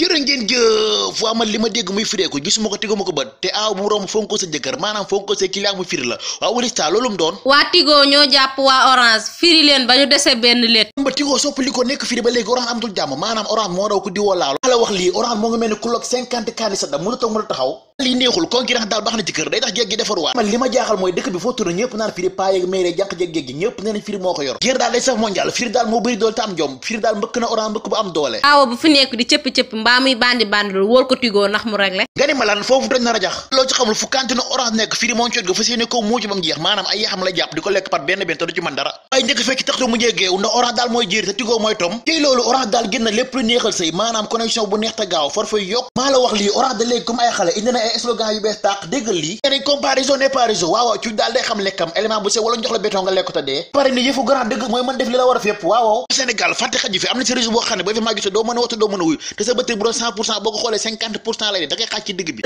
jërë ngeen jëf waa man li ma dégg muy fireeku gisuma ko tiguma ko bët te aaw bu romb fonko sa jëkkër maanaam fonko sa client mu firi la waaw Olis loolu mu doon waa Tigo ñoo jàpp waa Orange firi leen ba ñu dese benn létt ba Tigo soppali ko nekk firi ba léegi Orange amatul jàmm maanaam Orange moo daw ko di woo wax lii Orange moo ngi mel ni ku lokk cinquante candidat mu la mu la taxaw li neexul koo gi rax daal baax ci kër day tax jeeg gi defarwaat li ma jaaxal mooy dëkk bi foo tourné ñëpp naan firi paayeeg maire jànq jeeg jeeg gi ñëpp nee moo ko yor géer daal day saf mondial firi daal moo bëri doole te am jom firi daal mbëkk na oran mbëkk bu am doole aawa bu fi nekk di cëpp-cëpp mbaa muy bandi bandi loolu wóor ko tigoo ndax mu réglé nga ni ma lan foofu doñ na rajax loo ci fu seeni ko muucu ba jeex maanaam ay ay slogan yu dëgg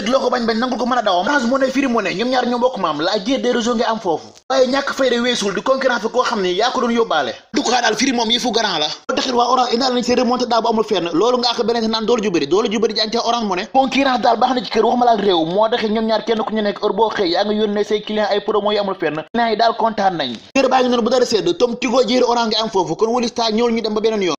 loo ko bañ bañ nangul ko mën a dawam Orange Money Free Money ñoom ñaar ñoo bokk maam la guerre des réseaux nga am foofu waaye ñàkk fayda weesul di concurrence bi koo xam ne yaa ko doon yóbbaale tout cas daal firi moom yëfu garant la boo taxit waa orange indaal nañ seen remonté daa bu amul fenn loolu nga ak beneen naan doole ju bëri ca orange mu ne concurrence daal baax na ci kër waxuma la ak réew moo taxit ñoom ñaar kenn ku ñu nekk heure xëy yaa nga yónnee say client ay promo yu amul fenn client yi daal kontaan nañ baa ngi noonu bu dara sedd tom tigo jéeri orange nga am foofu kon wëlis taa ñëwul ñu dem ba beneen yoon